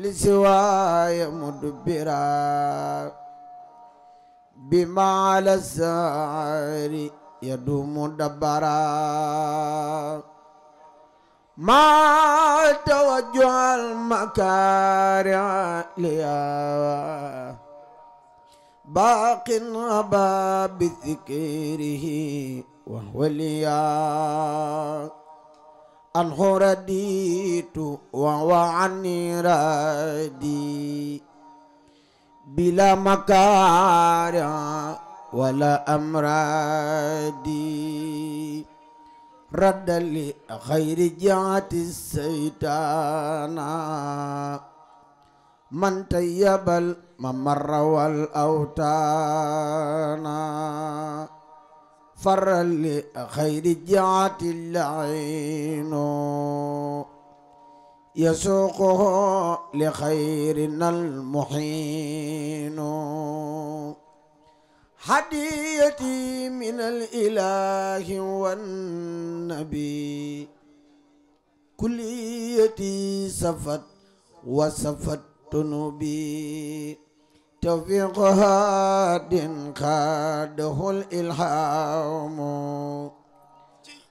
li siwaaya mudbiraa bima ala saari yadumu dabbaraa ma tawajjuha almakaari aliyaa baaqin abaa bi zikrihi wa anhu raditu wa wa anni radi bila makari wala amradi radda li khayri jaati saytana man tayyabal mamarra wal awtan faral li xayri jaati laayino yasuuqo li xayri nal muxiino hadiyati min al ilaahi wan nabi kulliyati safat wa safat tunubi توفيق هاد خاده الإلهام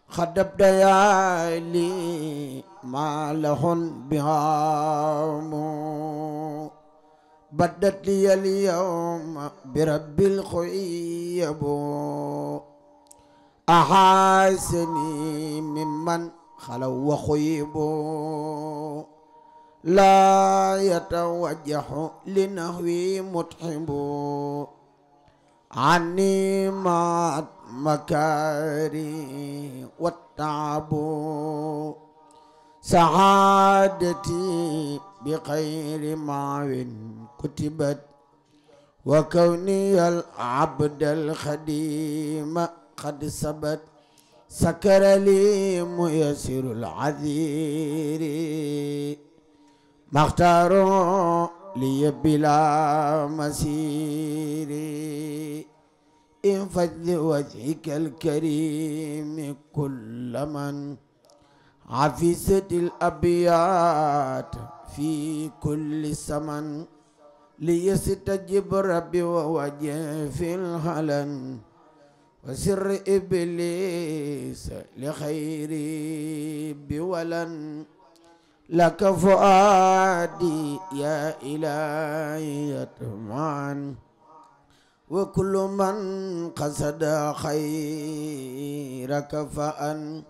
خد ابديا لي ما لهن بهام بدت لي اليوم برب الخيب أحاسني ممن خلوا وخيبوا لا يتوجه لنهوي متحب عني مات مكاري والتعب سعادتي بخير معو كتبت وكوني العبد الخديم قد سبت سكر لي ميسر العذير مختار لي بلا مسير إن فضل وجهك الكريم كل من عفست الأبيات في كل سمن ليستجب ربي ووجه في الهلن وسر إبليس لخير بولن لك فؤادي يا إلهي يطمعن وكل من قصد خيرك فأن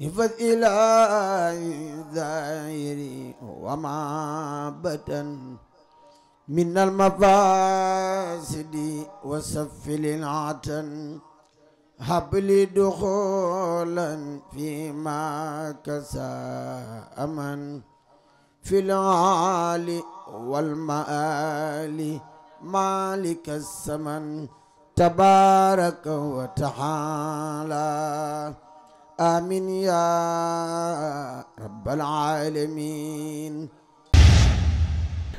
إفت إلهي ظاهري وما بطن من المفاسد وسفل العتن habli duxulan fi ma kasa aman fi laali wal maali malika saman tabaraka wa taala amin ya rabbal alamin